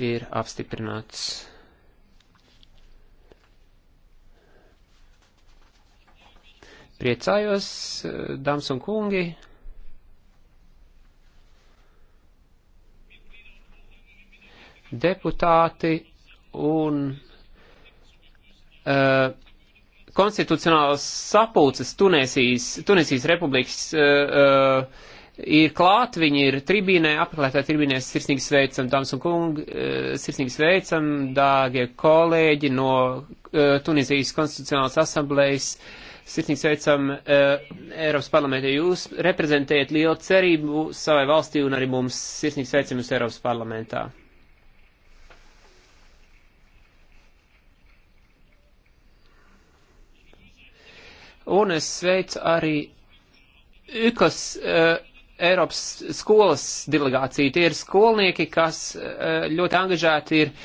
ir apstiprināts. Priecājos, dāmas un kungi. Deputāti un uh, konstitucionālas sapulces Tunesijas, Tunesijas republikas uh, uh, ir klāt, viņi ir tribīnē, apmeklētā tribīnē, sirsnīgi sveicam, dāmas un kungi, eh, sirsnīgi sveicam, dārgie kolēģi no eh, Tunizijas konstitucionālas asamblejas, sirsnīgi sveicam eh, Eiropas parlamentē. Jūs reprezentējat lielu cerību savai valstī un arī mums sirsnīgi sveicam jūs Eiropas parlamentā. Un es sveicu arī Ukas uh, Eiropas skolas delegācija. Tie ir skolnieki, kas eh, ļoti angažēti ir